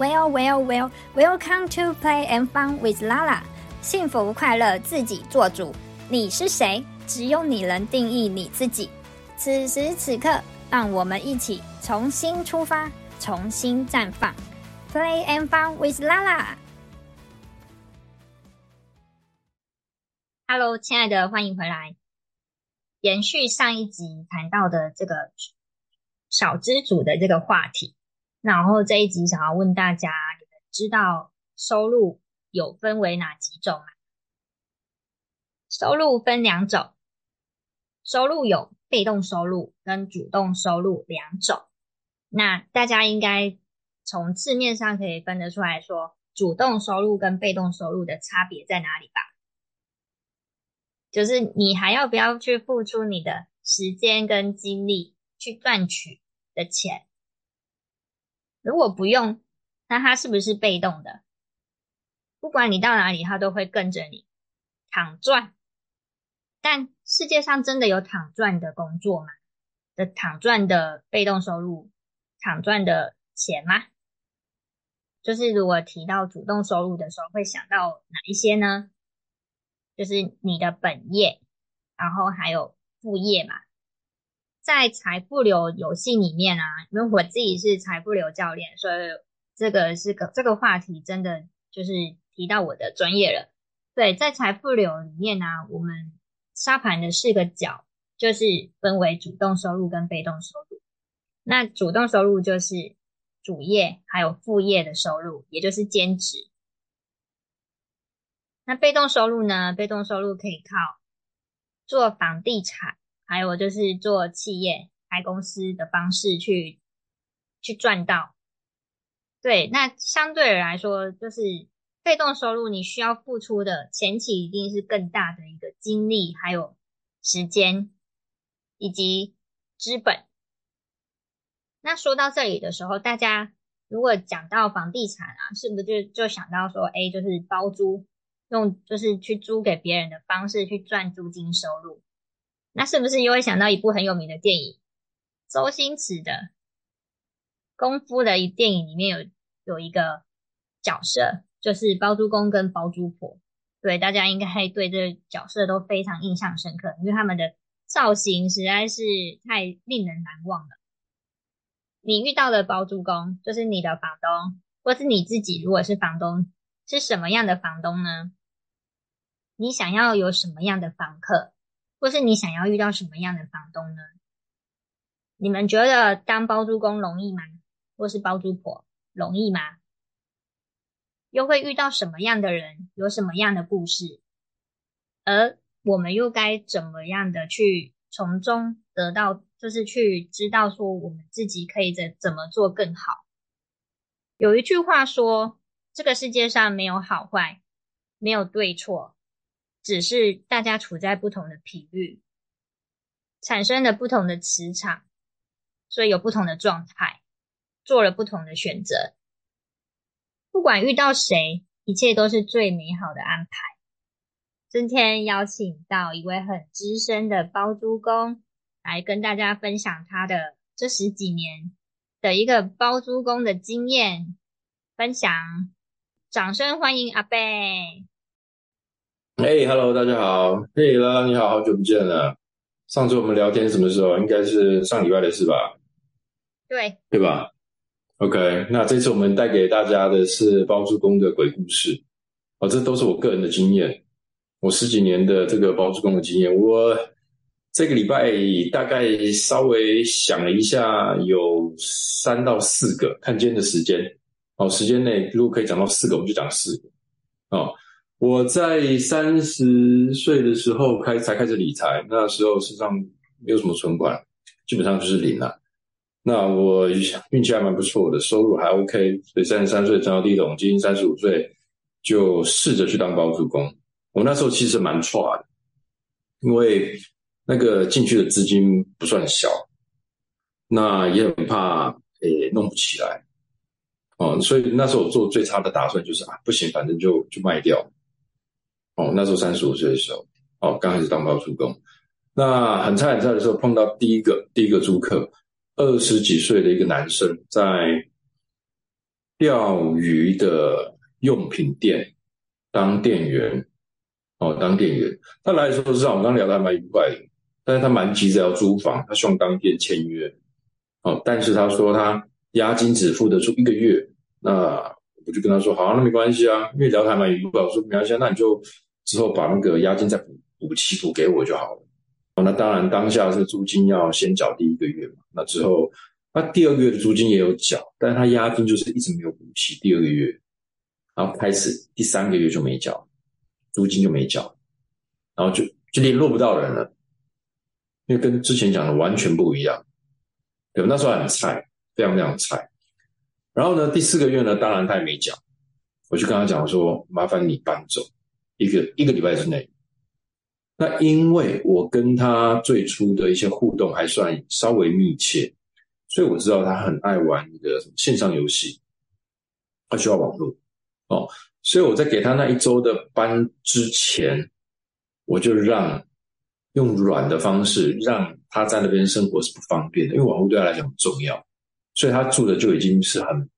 Well, well, well! Welcome to play and fun with Lala. 幸福快樂自己做主。你是誰？只有你能定義你自己。此時此刻，讓我們一起重新出發，重新綻放。Play and fun with Lala. Hello，親愛的，歡迎回來。延續上一集談到的這個小資族的這個話題。那然後這一集想要問大家，你們知道收入有分為哪幾種嗎？收入分兩種，收入有被動收入跟主動收入兩種。那大家應該從字面上可以分得出來說，主動收入跟被動收入的差別在哪裡吧？就是你還要不要去付出你的時間跟精力去賺取的錢？如果不用，那它是不是被動的？不管你到哪裡，他都會跟着你躺賺。但世界上真的有躺賺的工作嗎？的躺賺的被動收入，躺賺的錢嗎？就是如果提到主動收入的時候，會想到哪一些呢？就是你的本業，然後還有副業嘛。在財富流遊戲裡面啊，因為我自己是財富流教練，所以這個是個這個話題，真的就是提到我的專業了。對，在財富流裡面呢，啊，我們沙盤的四個角就是分為主動收入跟被動收入。那主動收入就是主業還有副業的收入，也就是兼職。那被動收入呢？被動收入可以靠做房地產。還有就是做企業開公司的方式去去賺到，對，那相對來說就是被動收入，你需要付出的前期一定是更大的一個精力，還有時間以及資本。那說到這裡的時候，大家如果講到房地產啊，是不是就就想到說，欸，就是包租，用就是去租給別人的方式去賺租金收入？那是不是你會想到一部很有名的電影，周星馳的《功夫》的一電影裡面有有一個角色，就是包租公跟包租婆。對，大家應該對這角色都非常印象深刻，因為他們的造型實在是太令人難忘了。你遇到的包租公，就是你的房東，或是你自己，如果是房東，是什麼樣的房東呢？你想要有什麼樣的房客？或是你想要遇到什麼樣的房東呢？你們覺得當包租公容易嗎？或是包租婆容易嗎？又會遇到什麼樣的人，有什麼樣的故事？而我們又該怎麼樣的去從中得到，就是去知道說我們自己可以怎怎麼做更好？有一句話說，這個世界上沒有好壞，沒有對錯。只是大家處在不同的頻率，產生了不同的磁場，所以有不同的狀態，做了不同的選擇。不管遇到誰，一切都是最美好的安排。今天邀請到一位很資深的包租公，來跟大家分享他的這十幾年的一個包租公的經驗分享。掌聲歡迎阿北。哎哈嘍，hey, hello, 大家好，嘿，啦，你好好久不見了。上周我們聊天什麼時候？應該是上禮拜的事吧？對，對吧？OK，那這次我們帶給大家的是包租公的鬼故事。哦，這都是我個人的經驗，我十幾年的這個包租公的經驗。我這個禮拜大概稍微想了一下，有三到四個，看今天的時間哦，時間內如果可以講到四個，我們就講四個哦。我在三十歲的時候開才開始理財，那時候身上沒有什麼存款，基本上就是零了，啊。那我運氣還蠻不錯的，收入還 OK，所以三十三歲找到第一桶金，三十五歲就試着去當包租公。我那時候其實蠻挫的，因為那個進去的資金不算小，那也很怕誒、欸、弄不起來，哦，嗯，所以那時候我做最差的打算就是啊不行，反正就就賣掉。哦，那時候三十五歲的時候，哦，剛開始當包租公，那很差很差的時候，碰到第一個第一個租客，二十幾歲的一個男生，在釣魚的用品店當店員，哦，當店員，他來的時候知道我們剛聊聊得還蠻愉快，但是他蠻急着要租房，他希望當天簽約，哦，但是他說他押金只付得出一個月，那我就跟他說，好啊，那沒關係啊，因為聊得還蠻愉快，我說沒關係啊，那你就。之後把那個押金再補補齊補給我就好了。那當然，當下這個租金要先繳第一個月嘛。那之後，那第二個月的租金也有繳，但是他押金就是一直沒有補齊。第二個月，然後開始第三個月就沒繳租金就沒繳，然後就就聯絡不到人了，因為跟之前講的完全不一樣，對吧？那時候很菜，非常非常菜。然後呢，第四個月呢，當然他也沒繳。我就跟他講說，麻煩你搬走。一個一個禮拜之內，那因為我跟他最初的一些互動還算稍微密切，所以我知道他很愛玩那個什麼線上遊戲，他需要網絡哦，所以我在給他那一周的班之前，我就讓用軟的方式讓他在那邊生活是不方便的，因為網絡對他來講很重要，所以他住的就已經是很。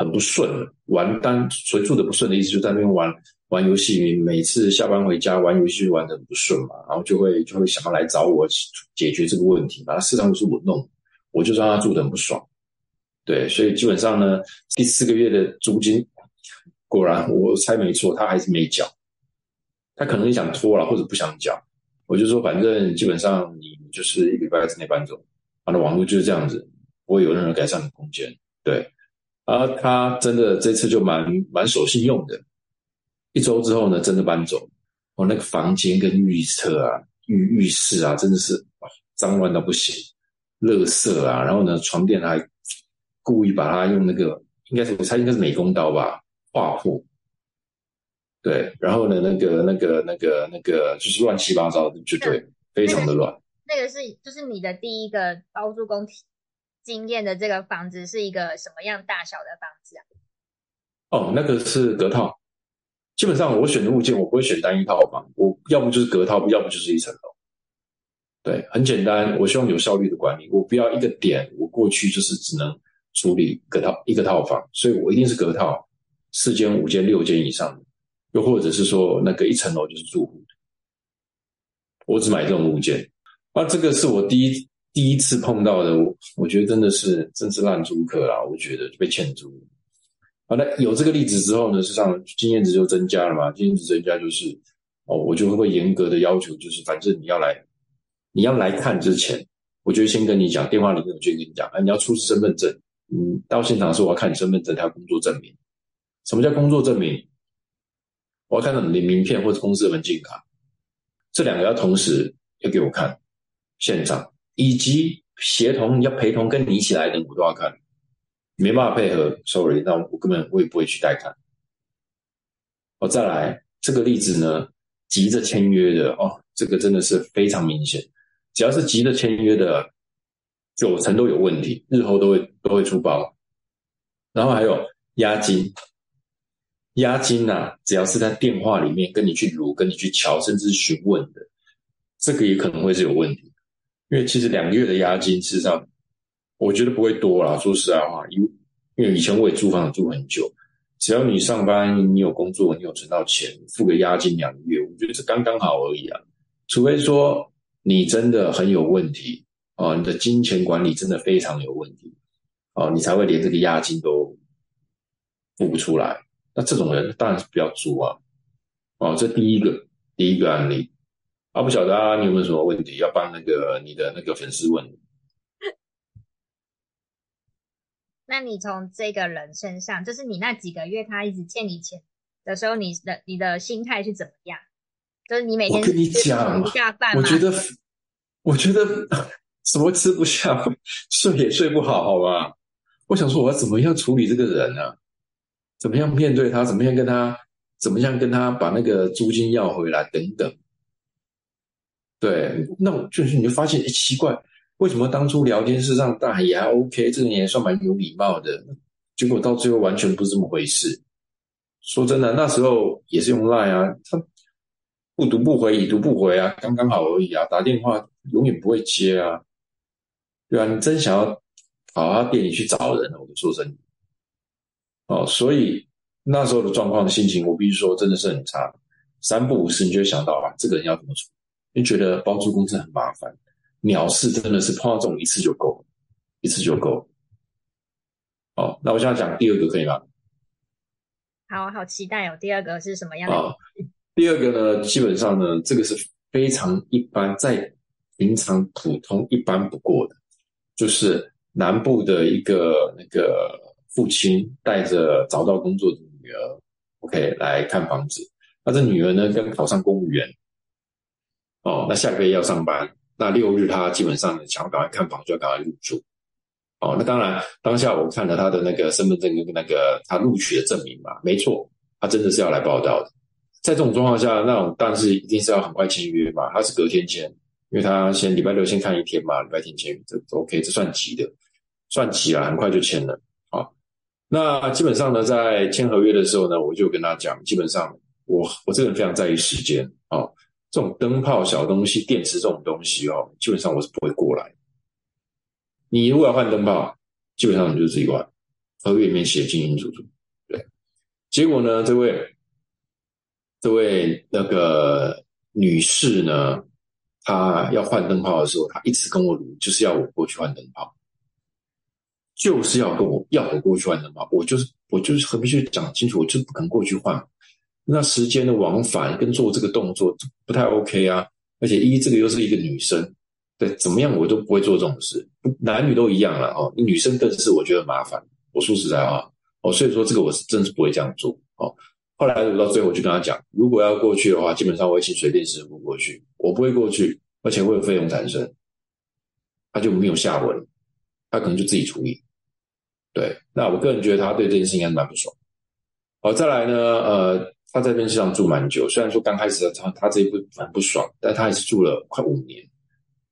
很不順，玩單，所以住的不順的意思就是在那邊玩玩遊戲，每次下班回家玩遊戲玩的很不順嘛，然後就會就會想要來找我解決這個問題，反正事上都是我弄，我就讓他住的很不爽，對，所以基本上呢，第四個月的租金，果然我猜沒錯，他還是沒繳，他可能想拖了或者不想繳，我就說反正基本上你就是一個禮拜之內搬走，他的網絡就是這樣子，不會有任何改善的空間，對。然後、啊、他真的這次就蠻蠻守信用的，一周之後呢，真的搬走。我那個房間跟浴室啊、浴浴室啊，真的是髒亂到不行，垃圾啊，然後呢，床墊還故意把它用那個，應該是，我猜應該是美工刀吧，劃破。對，然後呢，那個那個那個那個就是亂七八糟的，就對，對非常的亂、那個，那個是就是你的第一個包租公體？經驗的這個房子是一個什麼樣大小的房子啊？哦，那個是隔套。基本上我選的物件，我不會選單一套房，我要不就是隔套，要不就是一層樓。對，很簡單，我希望有效率的管理。我不要一個點，我過去就是只能處理隔套一個套房，所以我一定是隔套四間、五間、六間以上的，又或者是說那個一層樓就是住戶。我只買這種物件，啊，這個是我第一。第一次碰到的，我我覺得真的是真是爛租客啦！我覺得就被欠租。好，那有這個例子之後呢，實際上經驗值就增加了嘛。經驗值增加就是，哦，我就會嚴格的要求，就是反正你要來，你要來看之前，我就先跟你講，電話裡面我就跟你講，啊，你要出示身份證，嗯，到現場的時候我要看你身份證，他要工作證明。什麼叫工作證明？我要看到你的名片或者公司的門禁卡，這兩個要同時要給我看，現場。以及協同要陪同跟你一起來的，我都要看，沒辦法配合，sorry，那我根本我也不會去帶看。我、哦、再來這個例子呢，急着簽約的哦，這個真的是非常明顯，只要是急着簽約的，九成都有問題，日後都會都會出包。然後還有押金，押金吶、啊，只要是在電話裡面跟你去錄，跟你去瞧，甚至詢問的，這個也可能會是有問題。因為其實兩個月的押金，事實上，我覺得不會多啦。說實在話，因為因為以前我也租房子住很久，只要你上班，你有工作，你有存到錢，付個押金兩個月，我覺得是剛剛好而已啊。除非說你真的很有問題啊、呃，你的金錢管理真的非常有問題啊、呃，你才會連這個押金都付不出來。那這種人當然是不要租啊。啊、呃，這第一個第一個案例。啊，不曉得啊，你有沒有什麼問題要幫那個你的那個粉絲問？ 那你從這個人身上，就是你那幾個月他一直欠你錢的時候，你的你的心態是怎麼樣？就是你每天吃不下飯，我跟你講嘛，我覺得，我覺得什麼吃不下，睡也睡不好，好吧？我想說，我要怎麼樣處理這個人呢、啊？怎麼樣面對他？怎麼樣跟他？怎麼樣跟他把那個租金要回來？等等。 對，那就是你就發現，哎、欸，奇怪，為什麼當初聊天是讓大海也還 OK，這個人也算蠻有禮貌的，結果到最後完全不是這麼回事。說真的，那時候也是用 Line 啊，他不讀不回已，已讀不回啊，剛剛好而已啊，打電話永遠不會接啊，對吧、啊？你真想要跑到店裡去找人、啊、我就說真的。哦，所以那時候的狀況心情，我必須說真的是很差。三不五時你就想到啊，這個人要怎麼處你覺得包租公司很麻煩，藐視真的是碰到這種一次就夠，一次就夠。好，那我現在講第二個可以嗎？好好期待哦，第二個是什麼樣的。好，第二個呢，基本上呢，這個是非常一般，在平常普通一般不過的，就是南部的一個那個父親帶着找到工作的女兒，OK 來看房子。那這女兒呢，剛考上公務員。哦，那下個月要上班，那六日他基本上想要趕快看房，就要趕快入住。哦，那當然，當下我看了他的那個身份證跟那個他錄取的證明嘛，沒錯，他真的是要來報到的。在這種狀況下，那當然是一定是要很快簽約嘛，他是隔天簽，因為他先禮拜六先看一天嘛，禮拜天簽約，這 OK，這算急的，算急啊，很快就簽了。好，哦，那基本上呢，在簽合約的時候呢，我就跟他講，基本上我我這個人非常在意時間，哦。這種燈泡小東西、電池這種東西哦，基本上我是不會過來。你如果要換燈泡，基本上你就自己換，合約裡面寫清清楚楚。對，結果呢，這位、這位那個女士呢，她要換燈泡的時候，她一直跟我，就是要我過去換燈泡，就是要跟我，要我過去換燈泡，我就是，我就是何必去講清楚，我就不肯過去換。那時間的往返跟做這個動作不太 OK 啊，而且一這個又是一個女生，對，怎麼樣我都不會做這種事，男女都一樣了哦，女生更是我覺得麻煩。我說實在話、啊，哦，所以說這個我是真的是不會這樣做哦。後來到最後我就跟他講，如果要過去的話，基本上我請水電師傅過去，我不會過去，而且會有費用產生。他就沒有下文，他可能就自己處理。對，那我個人覺得他對這件事應該蠻不爽。好，再來呢，呃。他在這邊市場住蠻久，雖然說剛開始他他這一部蠻不爽，但他還是住了快五年，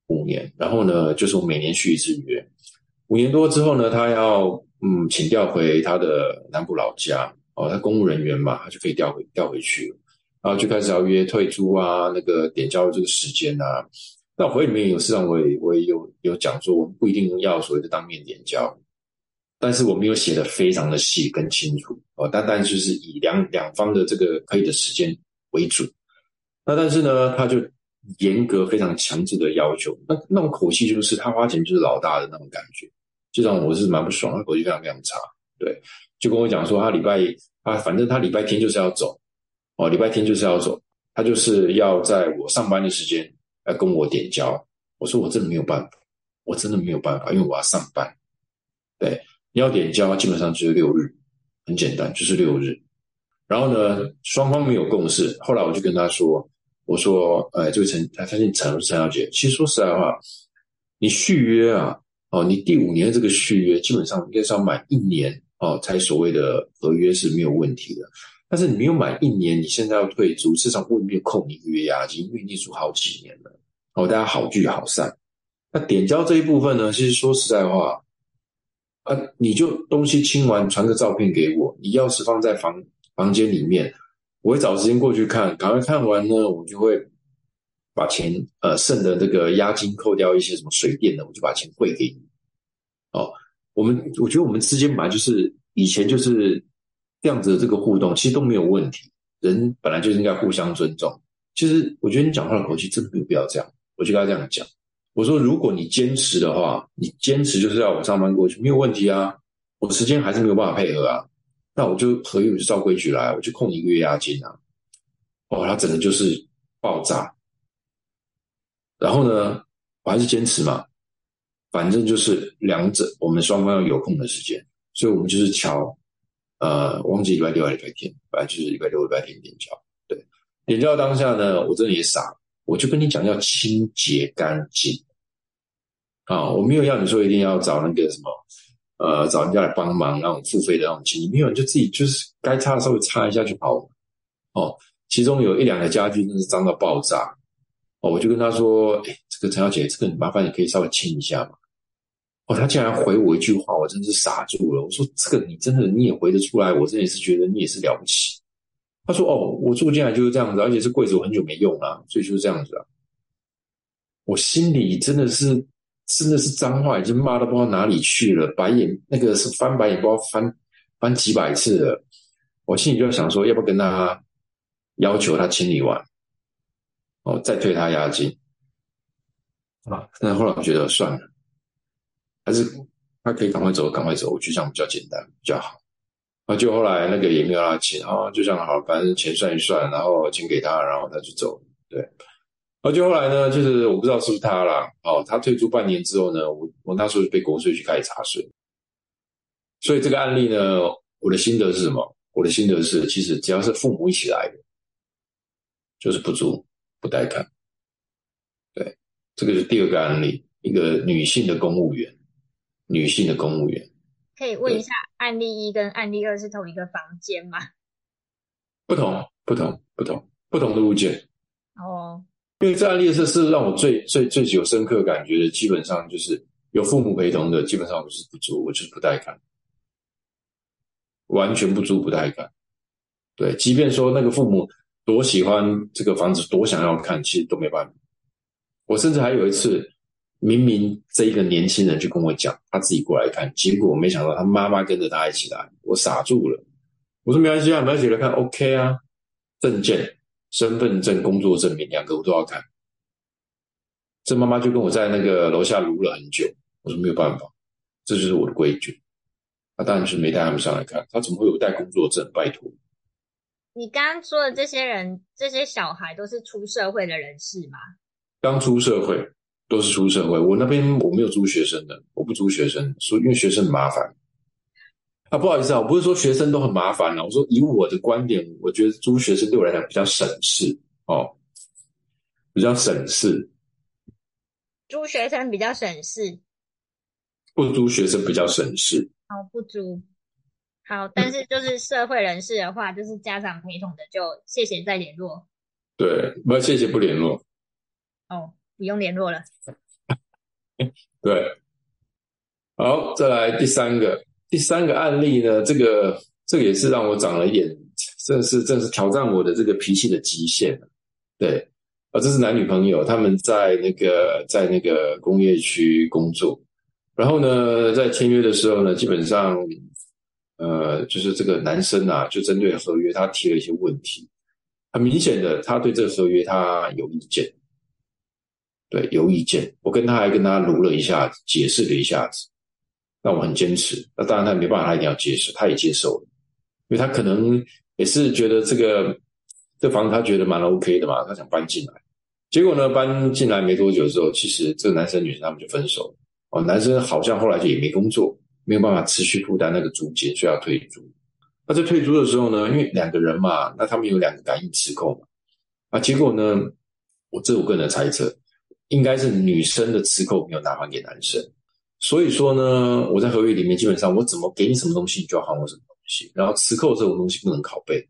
五年。然後呢，就是我每年續一次約，五年多之後呢，他要嗯請調回他的南部老家哦，他公務人員嘛，他就可以調回調回去了。然後就開始要約退租啊，那個點交這個時間吶、啊。那回裡面有事實我也我也有有講說，我們不一定要所謂的當面點交。但是我沒有寫得非常的細跟清楚哦，單單就是以兩兩方的這個可以的時間為主。那但是呢，他就嚴格非常強制的要求，那那種口氣就是他花錢就是老大的那種感覺，就讓我是蠻不爽。他口氣非常非常差，對，就跟我講說他禮拜啊，他反正他禮拜天就是要走哦，禮拜天就是要走，他就是要在我上班的時間來跟我點交。我說我真的沒有辦法，我真的沒有辦法，因為我要上班，對。你要點交，基本上就是六日，很簡單，就是六日。然後呢，雙方沒有共識。後來我就跟他說：“我說，哎，這位、個、陳，他姓陳，陳小姐。其實說實在話，你續約啊，哦，你第五年這個續約，基本上應該是要滿一年哦，才所謂的合約是沒有問題的。但是你沒有滿一年，你現在要退租，至少會有扣你一個月押金，因為你已經租好幾年了。哦，大家好聚好散。那點交這一部分呢，其實說實在話。”啊，你就東西清完，傳個照片給我。你鑰匙放在房房間裡面，我會找時間過去看。趕快看完呢，我就會把錢，呃，剩的這個押金扣掉一些什麼水電的，我就把錢匯給你。哦，我們我覺得我們之間本來就是以前就是這樣子的這個互動，其實都沒有問題。人本來就是應該互相尊重。其實我覺得你講話的口氣真的沒有必要這樣，我就跟他這樣講。我說：“如果你堅持的話，你堅持就是要我上班過去，沒有問題啊。我時間還是沒有辦法配合啊，那我就合約就照規矩來，我就扣一個月押金啊。”哦，他整個就是爆炸。然後呢，我還是堅持嘛，反正就是兩者我們雙方要有空的時間，所以我們就是敲，呃，忘記禮拜六還是禮拜天，反正就是禮拜六、禮拜天點交。對，點交當下呢，我真的也傻，我就跟你講要清潔乾淨。啊、哦，我沒有要你說一定要找那個什麼，呃，找人家來幫忙那種付費的那種清潔，你沒有，你就自己就是該擦的稍微擦一下就好。哦，其中有一兩個家具真的是髒到爆炸，哦，我就跟他說，哎、欸，這個陳小姐，這個你麻煩你可以稍微清一下嘛。哦，他竟然回我一句話，我真是傻住了。我說這個你真的你也回得出來，我真的也是覺得你也是了不起。他說哦，我住進來就是這樣子，而且是櫃子我很久沒用了，啊，所以就是這樣子啊。我心裡真的是。真的是髒話，已經罵到不知道哪裡去了，白眼那個是翻白眼翻，不知道翻翻幾百次了。我心裡就想說，要不要跟他要求他清理完，哦，再退他押金啊？但是後來我覺得算了，還是他可以趕快走，趕快走，我覺得這樣比較簡單比較好。那就後來那個也沒有他金啊，哦，就這樣，好，反正錢算一算，然後錢給他，然後他就走，對。而且後來呢，就是我不知道是不是他了哦。他退租半年之後呢，我我那時候被國稅局開始查稅，所以這個案例呢，我的心得是什麼？我的心得是，其實只要是父母一起來的，就是不租不帶看。對，這個是第二個案例，一個女性的公務員，女性的公務員。可以問一下對，案例一跟案例二是同一個房間嗎？不同，不同，不同，不同的物件。哦。Oh. 因為這案例是是讓我最最最有深刻感覺的，基本上就是有父母陪同的，基本上我是不租，我就是不帶看，完全不租不帶看。對，即便說那個父母多喜歡這個房子，多想要看，其實都沒辦法。我甚至還有一次，明明這一個年輕人就跟我講，他自己過來看，結果沒想到他媽媽跟着他一起來，我傻住了。我說沒關係啊，你們一起來看，OK 啊，證件。身份證、工作證明兩個我都要看。這媽媽就跟我在那個樓下盧了很久，我說沒有辦法，這就是我的規矩。她當然是沒帶他們上來看，他怎麼會有帶工作證？拜託。你剛剛說的這些人，這些小孩都是出社會的人士嗎？剛出社會，都是出社會。我那邊我沒有租學生的，我不租學生，因為學生麻煩。啊，不好意思啊，我不是說學生都很麻煩了，啊，我說以我的觀點，我覺得租學生對我來講比較省事哦，比較省事。租學生比較省事，不租學生比較省事。好，哦，不租。好，但是就是社會人士的話， 就是家長陪同的就謝謝再聯絡。對，不要謝謝不聯絡。哦，不用聯絡了。 對。好，再來第三個。第三個案例呢，這個這個也是讓我長了一點，正是正是挑戰我的這個脾氣的極限。對，啊，這是男女朋友，他們在那個在那個工業區工作，然後呢，在簽約的時候呢，基本上，呃，就是這個男生啊，就針對合約他提了一些問題，很明顯的，他對這個合約他有意見，對，有意見。我跟他還跟他盧了一下，解釋了一下子。那我很堅持，那當然他沒辦法，他一定要接受，他也接受了，因為他可能也是覺得這個這房子他覺得蠻 OK 的嘛，他想搬進來。結果呢，搬進來沒多久之後，其實這個男生女生他們就分手了。哦，男生好像後來就也沒工作，沒有辦法持續負擔那個租金，所以要退租。那在退租的時候呢，因為兩個人嘛，那他們有兩個感應磁扣嘛，啊，結果呢，我這我個人的猜測，應該是女生的磁扣沒有拿還給男生。所以說呢，我在合約裡面基本上，我怎麼給你什麼東西，你就要還我什麼東西。然後磁扣，這種東西不能拷貝，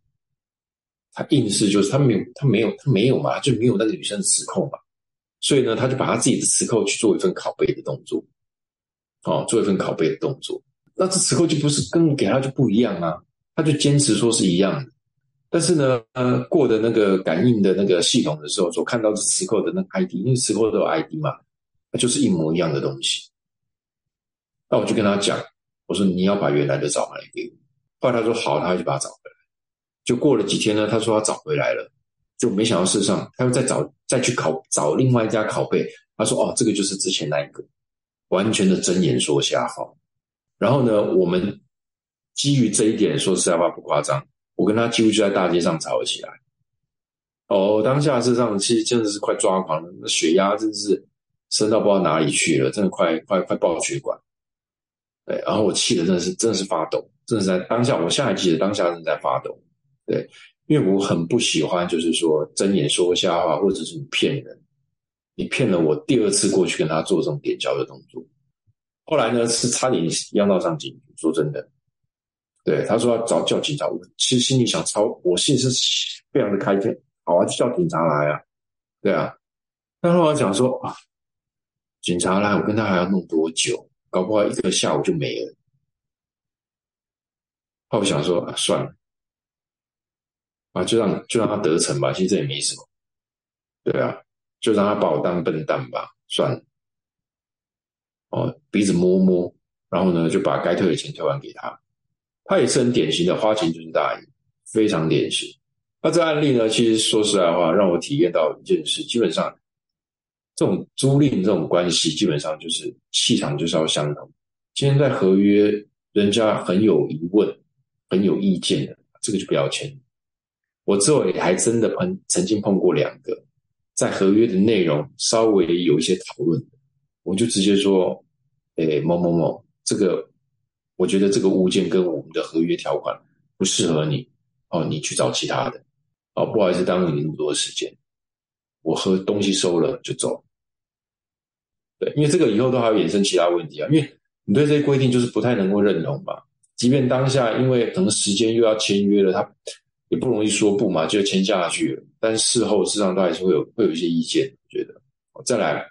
他硬是就是他沒有，他沒有，他沒有嘛，他就沒有那個女生的磁扣嘛。所以呢，他就把他自己的磁扣去做一份拷貝的動作，哦，做一份拷貝的動作。那這磁扣就不是跟我給他就不一樣啊，他就堅持說是一樣的。但是呢，呃，過的那個感應的那個系統的時候，所看到的磁扣的那個 ID，因為磁扣都有 ID 嘛，它就是一模一樣的東西。那我就跟他講，我說你要把原來的找回來給我。後來他說好，他就把它找回來。就過了幾天呢，他說他找回來了，就沒想到事實上他又再找再去拷找另外一家拷貝。他說哦，這個就是之前那一個，完全的睜眼說瞎話。然後呢，我們基於這一點，說實在話不，不誇張，我跟他幾乎就在大街上吵了起來。哦，當下事實上其實真的是快抓狂了，那血壓真的是升到不知道哪裡去了，真的快快快爆血管。對，然後我氣得真的是，真的是發抖，真的是在當下，我現在還記得當下正在發抖。對，因為我很不喜歡，就是說睜眼說瞎話，或者是你騙人，你騙了我第二次過去跟他做這種點交的動作，後來呢是差點央到上警局，說真的，對，他說要找叫警察，我其實心裡想超，我心裡是非常的開心，好啊，就叫警察來啊，對啊。但後來想說啊，警察來，我跟他還要弄多久？搞不好一個下午就沒了。後來我想說啊，算了，啊，就讓就讓他得逞吧，其實這也沒什麼，對啊，就讓他把我當笨蛋吧，算了。哦，鼻子摸摸，然後呢，就把該退的錢退還給他。他也是很典型的花錢就是大爺，非常典型。那這案例呢，其實說實在話，讓我體驗到一件事，基本上。這種租賃這種關係，基本上就是氣場就是要相同。今天在合約，人家很有疑問，很有意見的，這個就不要簽。我之後也還真的碰，曾經碰過兩個，在合約的內容稍微有一些討論，我就直接說：“哎，某某某，這個我覺得這個物件跟我們的合約條款不適合你哦，你去找其他的。哦，不好意思耽誤你那麼多時間，我和東西收了就走。”對，因為這個以後都還有衍生其他問題啊，因為你對這些規定就是不太能夠認同嘛。即便當下，因為可能時間又要簽約了，他也不容易說不嘛，就簽下去了。但事後實際上都還是會有會有一些意見，我覺得。再來，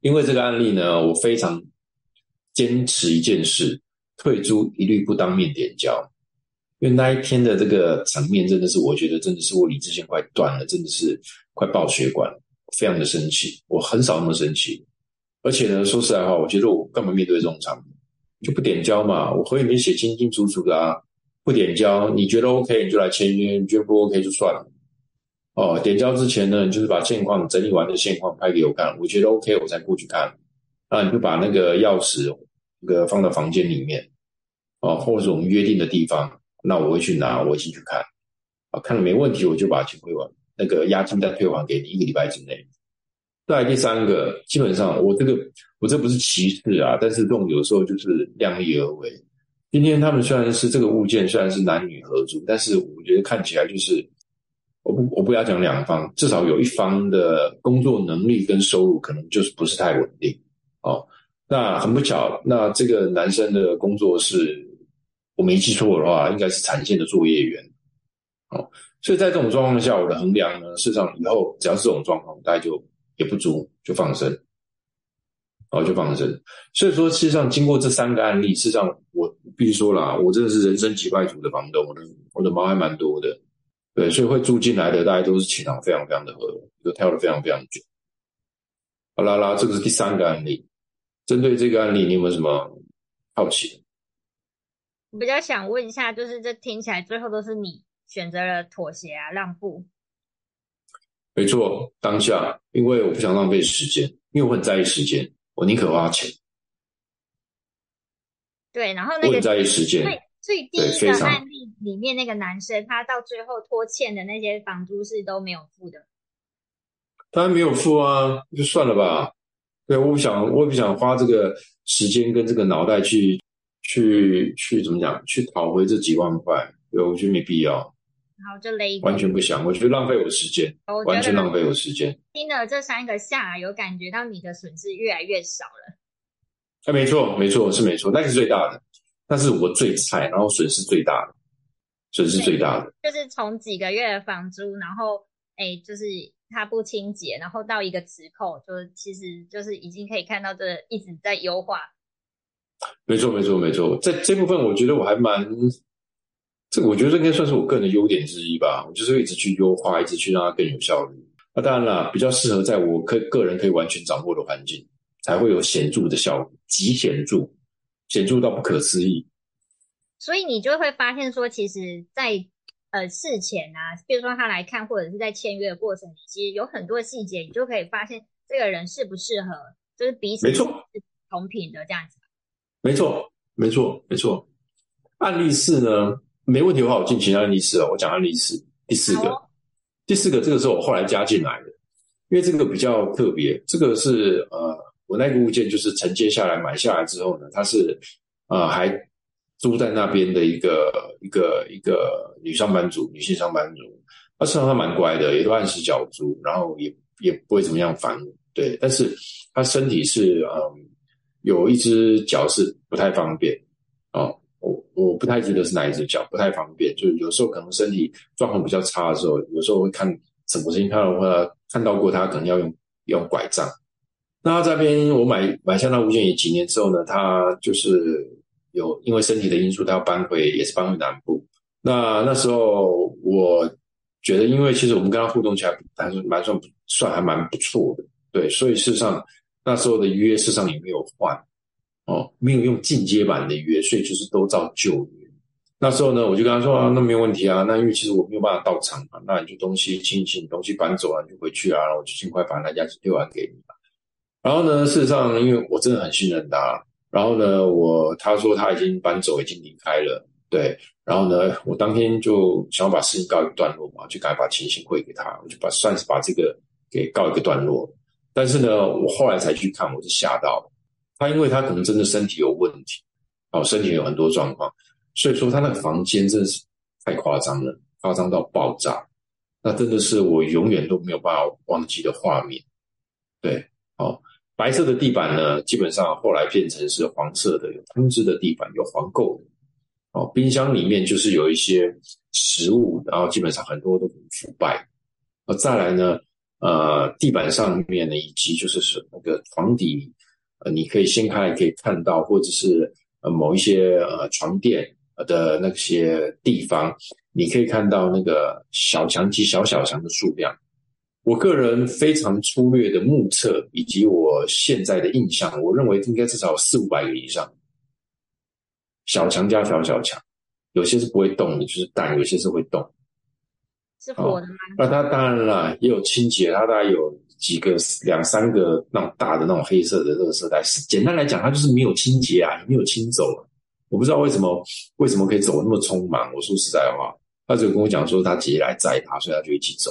因為這個案例呢，我非常堅持一件事：退租一律不當面點交。因為那一天的這個場面，真的是我覺得真的是我理智線快斷了，真的是快爆血管了，非常的生氣。我很少那麼生氣。而且呢，說實在話，我覺得我根本面對這種場景，就不點交嘛。我合約裡面寫清清楚楚的啊，不點交，你覺得 OK 你就來簽約，你覺得不 OK 就算了。哦，點交之前呢，你就是把現況整理完的現況拍給我看，我覺得 OK 我再過去看。那你就把那個鑰匙那個放到房間裡面，哦，或者是我們約定的地方，那我會去拿，我會進去看。啊，看了沒問題，我就把錢退還那個押金再退還給你一個禮拜之內。再來第三個，基本上我這個我這不是歧視啊，但是這種有時候就是量力而為。今天他們雖然是這個物件，雖然是男女合租，但是我覺得看起來就是，我不我不要講兩方，至少有一方的工作能力跟收入可能就是不是太穩定哦。那很不巧，那這個男生的工作是我沒記錯的話，應該是產線的作業員哦，所以在這種狀況下，我的衡量呢，事實上以後只要是這種狀況，大家就。也不租就放生，哦，就放生。所以說，事實上，經過這三個案例，事實上，我必須說了，我真的是人生幾塊圖的房東，我的我的貓還蠻多的，對，所以會住進來的大家都是情商非常非常的合，都跳的非常非常的久。好啦啦，這個是第三個案例，針對這個案例，你有沒有什麼好奇的？我比較想問一下，就是這聽起來最後都是你選擇了妥協啊，讓步。沒錯，當下，因為我不想浪費時間，因為我很在意時間，我寧可花錢。對，然後那個我很在意時間，最第一個案例裡面那個男生，他到最後拖欠的那些房租是都沒有付的。當然沒有付啊，就算了吧。對，我不想，我也不想花這個時間跟這個腦袋去去去怎麼講，去討回這幾萬塊，對，我覺得沒必要。然後就勒完全不想，我覺得浪費我時間，哦、對對完全浪費我時間。聽了這三個下來，有感覺到你的損失越來越少了？哎，沒錯，沒錯，是沒錯。那是最大的，那是我最菜，然後損失最大的，損失最大的，就是從幾個月的房租，然後哎，就是它不清潔，然後到一個磁扣，就其實就是已經可以看到這一直在優化。沒錯，沒錯，沒錯，在這部分我覺得我還蠻。這個我覺得應該算是我個人的優點之一吧。我就是會一直去優化，一直去讓它更有效率。那當然了，比較適合在我可以個人可以完全掌握的環境，才會有顯著的效果，極顯著，顯著到不可思議。所以你就會發現說，其實在，在呃事前啊，比如說他來看，或者是在簽約的過程其實有很多細節，你就可以發現這個人適不適合，就是彼此沒錯是同頻的這樣子。沒錯，沒錯，沒錯。案例四呢？沒問題的話，我進其他歷史了。我講下歷史。第四個，哦、第四個，這個是我後來加進來的，因為這個比較特別。這個是呃，我那個物件就是承接下來買下來之後呢，它是呃，還租在那邊的一個一個一個女上班族，女性上班族。他事實上她蠻乖的，也都按時繳租，然後也也不會怎麼樣煩。對，但是她身體是嗯，有一隻腳是不太方便啊。哦我我不太記得是哪一只腳，不太方便，就是有時候可能身體狀況比較差的時候，有時候會看什麼事情，看到的話，看到過他，可能要用用拐杖，那這邊我買買下那吳建宇幾年之後呢，他就是有因為身體的因素，他要搬回也是搬回南部。那那時候我覺得，因為其實我們跟他互動起來還是蠻算不算還蠻不錯的，對，所以事實上那時候的預約，事實上也沒有換。哦，沒有用進階版的約，所以就是都照舊約。那時候呢，我就跟他說啊，那沒有問題啊。那因為其實我沒有辦法到場嘛，啊，那你就東西清一清，東西搬走啊，你就回去啊，然後我就盡快把那家六還給你了。然後呢，事實上，因為我真的很信任他。然後呢，我他說他已經搬走，已經離開了。對。然後呢，我當天就想要把事情告一個段落嘛，就趕快把情形匯給他，我就把算是把這個給告一個段落。但是呢，我後來才去看，我是嚇到了。他因為他可能真的身體有問題，哦，身體有很多狀況，所以說他那個房間真的是太誇張了，誇張到爆炸，那真的是我永遠都沒有辦法忘記的畫面。對，哦，白色的地板呢，基本上後來變成是黃色的，有湯汁的地板，有黃垢的。哦，冰箱裡面就是有一些食物，然後基本上很多都很腐敗。呃，再來呢，呃，地板上面呢，以及就是是那個床底，你可以掀開，可以看到，或者是呃，某一些呃床墊的那些地方，你可以看到那個小強及小小強的數量。我個人非常粗略的目測，以及我現在的印象，我認為應該至少有四五百個以上。小強加小小強，有些是不會動的，就是蛋；有些是會動，是活嗎？哦、那它當然了，也有清潔，它大概有。幾個兩三個那種大的那種黑色的那個色帶，簡單來講，它就是沒有清潔啊，也沒有清走、啊。我不知道為什麼，為什麼可以走那麼匆忙。我說實在話，他就跟我講說，他姐姐來載他，所以他就一起走。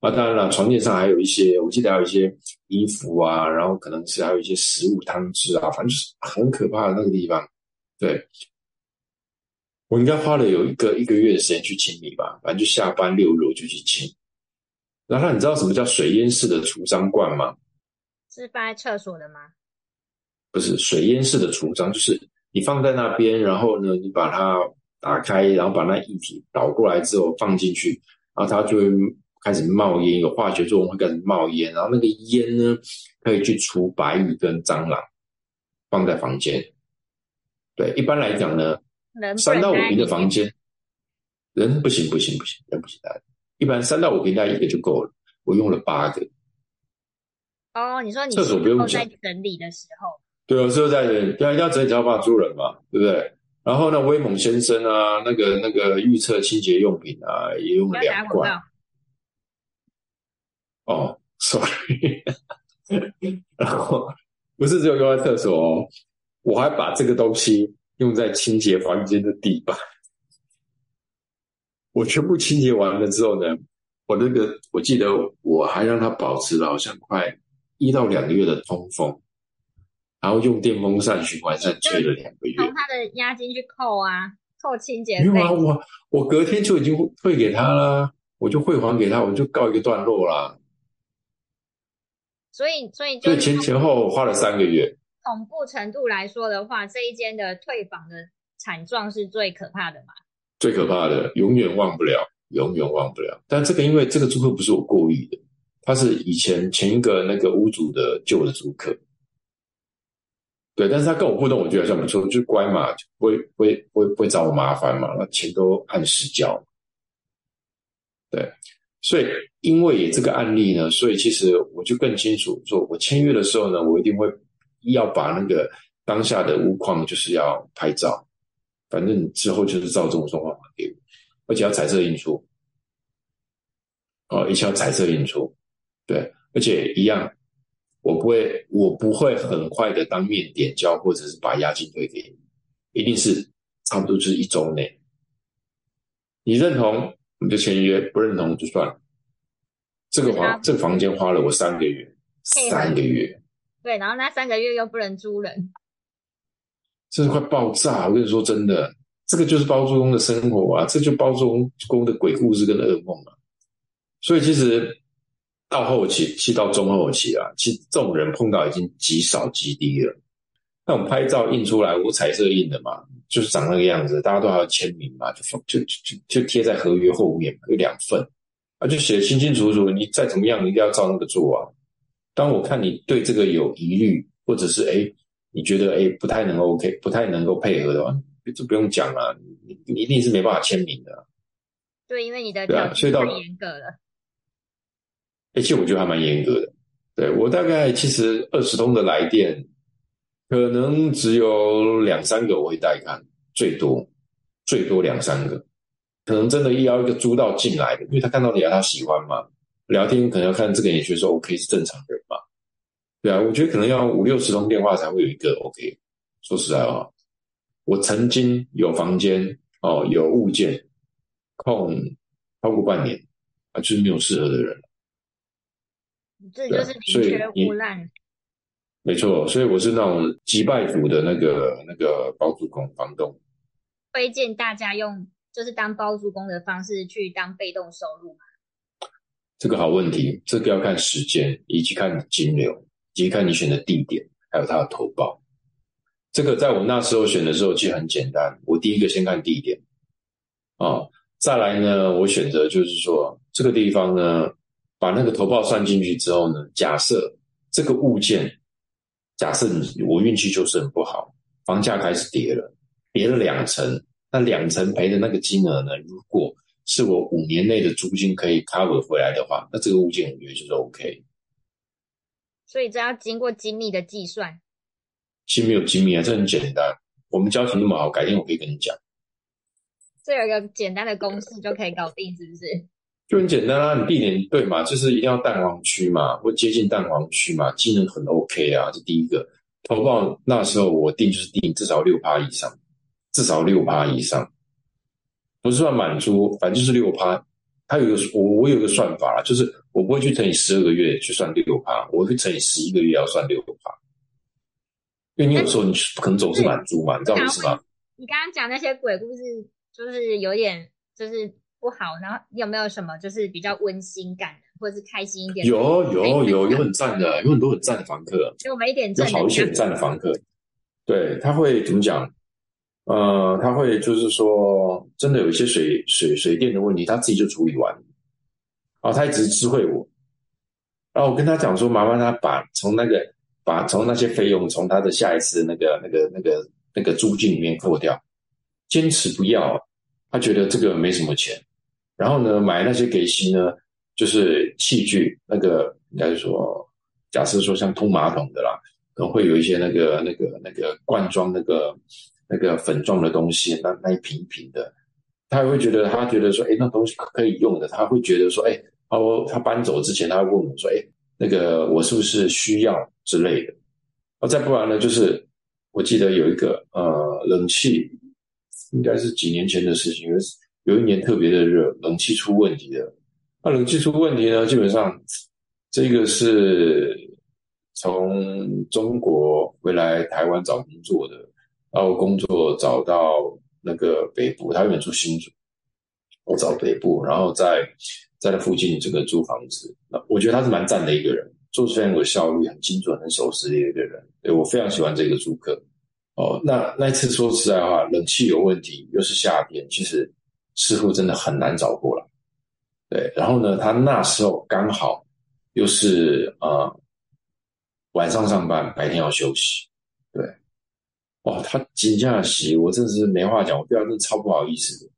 啊，當然了，床墊上還有一些，我記得還有一些衣服啊，然後可能是還有一些食物湯汁啊，反正就是很可怕的那個地方。對，我應該花了有一個一個月的時間去清理吧，反正就下班六日我就去清。然後你知道什麼叫水煙式的除蟑罐嗎？是放在廁所的嗎？不是，水煙式的除蟑就是你放在那邊，然後呢，你把它打開，然後把那液體倒過來之後放進去，然後它就會開始冒煙，有化學作用會開始冒煙，然後那個煙呢可以去除白蟻跟蟑螂，放在房間。對，一般來講呢，三到五坪的房間，人不行不行不行，人不行。一般三到五平台一個就夠了，我用了八個。哦，你說你廁所不用在整理的時候？對我廁所在理。要整理就要把它人嘛，對不對？然後呢，威猛先生啊，那個那個預測清潔用品啊，也用兩罐。哦，sorry， 然後不是只有用在廁所哦，我還把這個東西用在清潔房間的地板。我全部清潔完了之後呢，我那個我記得我，我還讓他保持了好像快一到兩個月的通風，然後用電風扇循環扇吹了兩個月。從他的押金去扣啊，扣清潔費因沒有啊，我我隔天就已經退給他了，嗯、我就匯還給他，我就告一個段落啦。所以，所以就所以前前後後花了三個月。恐怖程度來說的話，這一間的退房的慘狀是最可怕的嘛？最可怕的，永遠忘不了，永遠忘不了。但這個，因為這個租客不是我故意的，他是以前前一個那個屋主的舊的租客，對。但是他跟我互動，我覺得還算不錯，就乖嘛，不會不會不會不會，會找我麻煩嘛，那錢都按時交。對，所以因為這個案例呢，所以其實我就更清楚，說我簽約的時候呢，我一定會要把那個當下的屋況，就是要拍照。反正之後就是照這種說法給我，而且要彩色印出，哦，而且要彩色印出，對，而且一樣，我不會，我不會很快的當面點交或者是把押金退給你，一定是差不多就是一周內，你認同你就簽約，不認同就算了。這個房，它這個房間花了我三個月，嘿三個月。對，然後那三個月又不能租人。這是快爆炸！我跟你說，真的，這個就是包租公的生活啊，這就是包租公的鬼故事跟噩夢啊。所以其實到後期，其實到中後期啊，其實這種人碰到已經極少極低了。那我們拍照印出來，無彩色印的嘛，就是長那個樣子。大家都還要簽名嘛，就放就就就，就貼在合約後面嘛，有兩份啊，而且寫的清清楚楚。你再怎麼樣，你一定要照那個做啊。當我看你對這個有疑慮，或者是誒。你覺得誒、欸、不太能夠 OK，不太能夠配合的話，就不用講啦、啊，你一定是沒辦法簽名的、啊。對，因為你在這啊，所以到嚴格了。而、欸、且我覺得還蠻嚴格的。對我大概其實二十通的來電，可能只有兩三個我會帶看，最多最多兩三個。可能真的，一要一個租到進來的，因為他看到你他喜歡嘛。聊天可能要看這個，你覺得是 OK 是正常人嘛？對啊，我覺得可能要五六十通電話才會有一個 OK。說實在哦，我曾經有房間哦，有物件空超過半年啊，就是沒有適合的人。這就是寧缺毋濫。沒錯，所以我是那種擊敗族的那個那個包租公房東。推薦大家用就是當包租公的方式去當被動收入嗎？這個好問題，這個要看時間以及看金流。直接看你選的地點，還有它的投報，這個在我那時候選的時候其實很簡單。我第一個先看地點，啊、哦，再來呢，我選擇就是說這個地方呢，把那個投報算進去之後呢，假設這個物件，假設你我運氣就是很不好，房價開始跌了，跌了兩成，那兩成賠的那個金額呢，如果是我五年內的租金可以 cover 回來的話，那這個物件我覺得就是 OK。所以這要經過精密的計算，其實沒有精密啊，這很簡單。我們交情那麼好改，改天我可以跟你講。這有一個簡單的公式就可以搞定， 是不是？就很簡單啊，你地點對嘛，就是一定要蛋黃區嘛，或接近蛋黃區嘛，機能很 OK 啊。這第一個，投報，那時候我定就是定至少六趴以上，至少六趴以上，不是算滿足，反正就是六趴。他有個我我有個算法啦、啊，就是。我不會去乘以十二個月去算六趴，我會乘以十一個月要算六趴，因為你有時候你可能總是滿租嘛，是我剛剛，你知道為什麼嗎？你剛剛講那些鬼故事就是有點就是不好，然後你有沒有什麼就是比較溫馨感、嗯、或者是開心一點的有？有有有有很讚的，有很多很讚的房客，給我們一點讚。有好一些很讚的房客，對，他會怎麼講？呃，他會就是說，真的有一些水水水電的問題，他自己就處理完。哦，他一直知會我，然後我跟他講說，麻煩他把從那個把從那些費用從他的下一次那個那個那個那個租金裡面扣掉，堅持不要，他覺得這個沒什麼錢。然後呢，買那些給新呢，就是器具那個，應該說，假設說像通馬桶的啦，可能會有一些那個那個那個罐、那個、裝那個那個粉狀的東西，那那一瓶一瓶的，他也會覺得他覺得說，哎、欸，那東西可以用的，他會覺得說，哎、欸。後、啊、他搬走之前，他問我說、哎：“那個我是不是需要之類的？”啊，再不然呢，就是我記得有一個呃，冷氣，應該是幾年前的事情，有一年特別的熱，冷氣出問題了。那、啊、冷氣出問題呢，基本上這個是從中國回來台灣找工作的，然後工作找到那個北部，他原本住新竹，我找北部，然後在。在他附近這個租房子，那我覺得他是蠻讚的一個人，做事非常有效率，很精準，很守時的一個人，對，我非常喜歡這個租客。哦，那那一次說實在話，冷氣有問題，又是夏天，其實師傅真的很難找過來。對，然後呢，他那時候剛好又是啊、呃、晚上上班，白天要休息。對，哇、哦，他請假洗，我真的是沒話講，我對他真超不好意思的。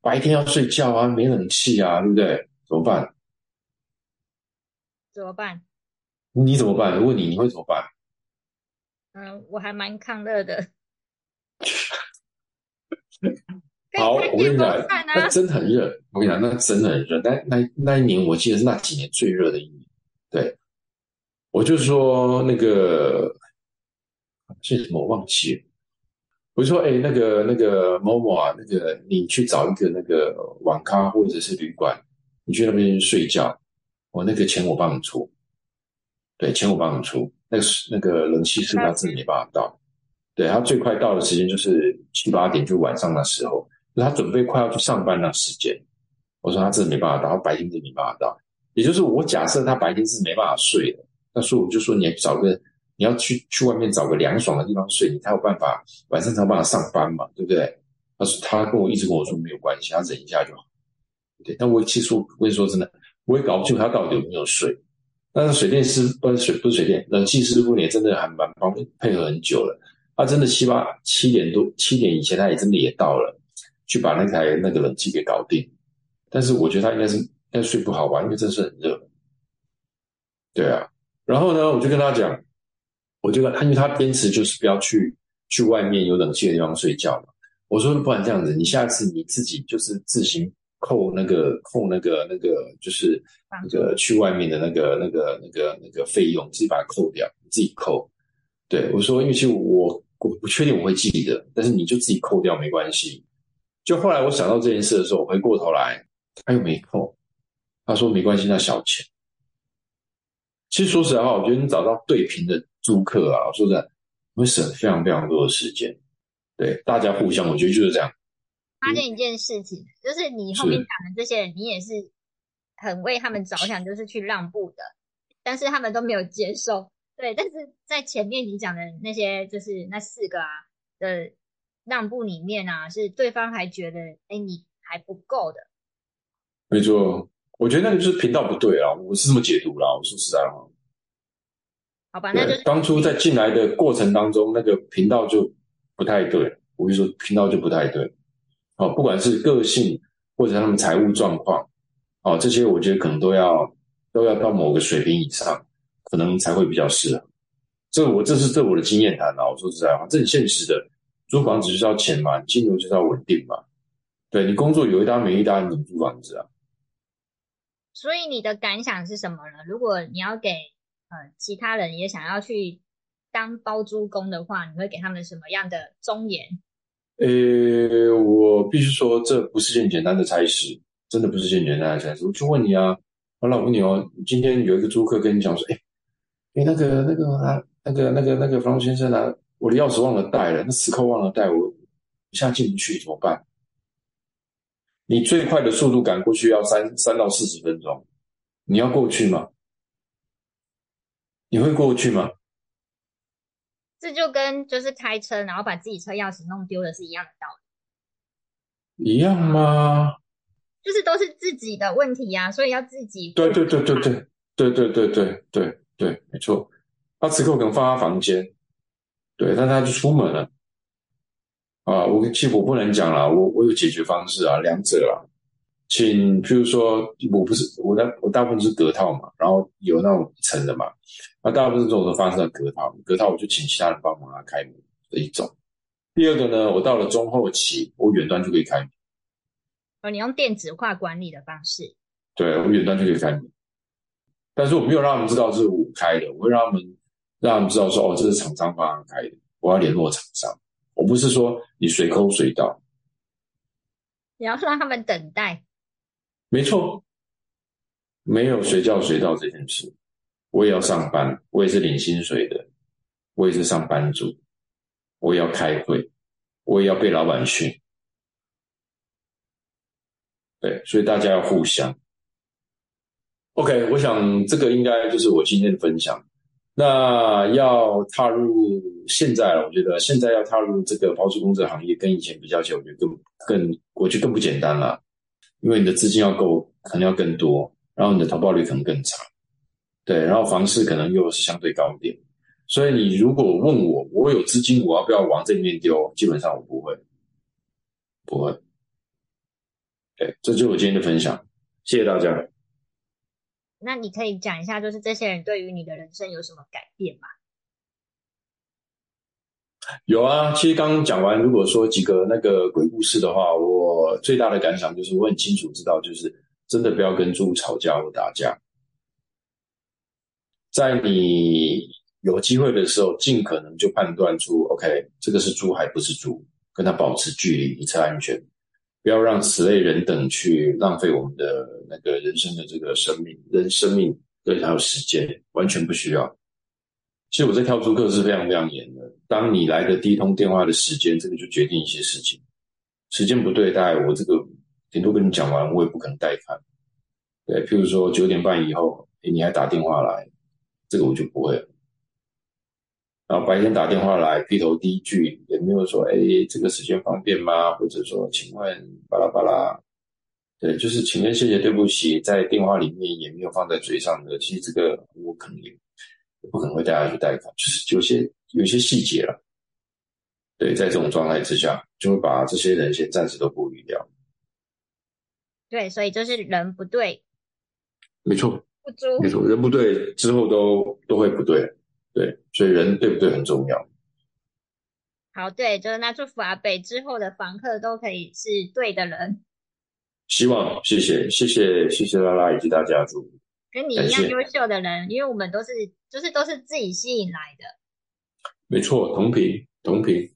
白天要睡覺啊，沒冷氣啊，對不對？怎麼辦？怎麼辦？你怎麼辦？問你，你會怎麼辦？嗯，我還蠻抗熱的。好，我跟你講，那真的很熱。我跟你講，那真的很熱。那那那一年，我記得是那幾年最熱的一年。對，我就說那個，這什麼我忘記了。我就說：“哎、欸，那個、那個某某啊，那個你去找一個那個網咖或者是旅館，你去那邊去睡覺。我那個錢我幫你出，對，錢我幫你出。那個、那個冷氣是他自己沒辦法到，對，他最快到的時間就是七八點，就晚上的時候，他準備快要去上班的時間。我說他自己沒辦法到，他白天自己沒辦法到。也就是我假設他白天是沒辦法睡的，那所以我就說你要找個。”你要去去外面找個涼爽的地方睡，你才有辦法晚上才有辦法上班嘛，對不對？他說他跟我一直跟我說沒有關係，他忍一下就好，對，但我也其實我跟你說真的，我也搞不清楚他到底有沒有睡。但是水電師不是水不是水電，冷氣師傅也真的還蠻幫配合很久了。他、啊、真的七八七點多七點以前他也真的也到了，去把那台那個冷氣給搞定。但是我覺得他應該是應該睡不好吧，因為真是很熱。對啊，然後呢，我就跟他講。我就跟他，因為他堅持就是不要去去外面有冷氣的地方睡覺嘛。我說，不然這樣子，你下次你自己就是自行扣那個扣那個那個，就是那個去外面的那個那個那個那個費用，自己把它扣掉，你自己扣。對，我說，因為其實我我不確定我會記得，但是你就自己扣掉沒關係。就後來我想到這件事的時候，我回過頭來他又、哎，沒扣，他說沒關係，那小錢。其實，說實話，我覺得你找到對頻的租客啊，我說真的，會省非常非常多的時間。對，大家互相，我覺得就是這樣。發現一件事情，嗯、就是你後面講的這些人，是你也是很為他們着想，就是去讓步的，但是他們都沒有接受。對，但是在前面你講的那些，就是那四個啊的讓步裡面啊，是對方還覺得，哎，你還不夠的。沒錯。我覺得那個就是頻道不對啊，我是這麼解讀啦。我說實在話，好吧，那就當初在進來的過程當中，那個頻道就不太對。我就說頻道就不太對，哦，不管是個性或者他們財務狀況，哦，這些我覺得可能都要都要到某個水平以上，可能才會比較適合。這我這是這我的經驗談啊，我說實在話，這很現實的。租房子就是要錢嘛，金流就是要穩定嘛。對，你工作有一搭沒一搭，你怎麼租房子啊？所以你的感想是什麼呢？如果你要給呃其他人也想要去當包租公的話，你會給他們什麼樣的忠言？呃、欸，我必須說這不是件簡單的差事，真的不是件簡單的差事。我就問你啊，我老婆你哦、喔，今天有一個租客跟你講說，哎、欸，哎、欸、那個那個啊，那個那個那個房東先生呢、啊，我的鑰匙忘了帶了，那磁扣忘了帶，我一下進不去怎麼辦？你最快的速度趕過去要三三到四十分鐘，你要過去嗎？你會過去嗎？這就跟就是開車，然後把自己車鑰匙弄丟了是一樣的道理。一樣嗎？就是都是自己的問題呀、啊，所以要自己對對對對。對對對對對對對對對對對，沒錯。他、啊、此刻我可能放他房間，對，但他就出門了。啊，我跟，其實我不能講了，我我有解決方式啊，兩者啊，請，譬如說我不是我大我大部分是隔套嘛，然後有那種層的嘛，那大部分是這種方式的隔套，隔套我就請其他人幫忙啊開門的一種。第二個呢，我到了中後期，我遠端就可以開門。哦，你用電子化管理的方式。對，我遠端就可以開門。但是我沒有讓他們知道是我開的，我會讓他們讓他們知道說哦，這是廠商幫他們開的，我要聯絡廠商。我不是說你隨口隨到，你要讓他們等待。沒錯，沒有隨叫隨到這件事。我也要上班，我也是領薪水的，我也是上班族，我也要開會，我也要被老板訓。對，所以大家要互相。OK，我想這個應該就是我今天的分享的。那要踏入現在，我覺得現在要踏入這個包租公這行業，跟以前比較起來，我覺得更更，我覺得更不簡單了，因為你的資金要夠，可能要更多，然後你的投報率可能更差，對，然後房市可能又是相對高一點，所以你如果問我，我有資金，我要不要往這裡面丟？基本上我不會，不會，對，這就是我今天的分享，謝謝大家。那你可以講一下，就是這些人對於你的人生有什麼改變嗎？有啊，其實剛剛講完，如果說幾個那個鬼故事的話，我最大的感想就是，我很清楚知道，就是真的不要跟豬吵架或打架，在你有機會的時候，盡可能就判斷出，OK，這個是豬還不是豬，跟他保持距離，以策安全。不要讓此類人等去浪費我們的那個人生的這個生命，人生命對，還有時間，完全不需要。其實我在挑租客是非常非常嚴的，當你來的第一通電話的時間，這個就決定一些事情。時間不對，大概我這個頂多跟你講完，我也不可能帶看。對，譬如說九點半以後，欸，你還打電話來，這個我就不會了。然後白天打電話來，劈頭第一句也沒有說，哎，這個時間方便嗎？或者說請問巴拉巴拉，對，就是請問、謝謝、對不起在電話裡面也沒有放在嘴上的。其實這個我可能也不可能會帶他去貸款，就是就有些有些細節了，對，在這種狀態之下就會把這些人先暫時都過濾掉，對，所以就是人不對，沒錯，不足，沒錯，人不對之後都都會不對。對，所以人對不對很重要。好，對，就是那祝福阿北之後的房客都可以是對的人。希望，謝謝，謝謝，謝謝拉拉以及大家祝福。跟你一樣優秀的人，感謝，因為我們都是，就是都是自己吸引來的。沒錯，同頻，同頻。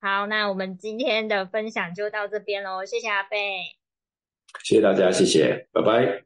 好，那我們今天的分享就到這邊嘍，謝謝阿北。謝謝大家，謝謝，拜拜。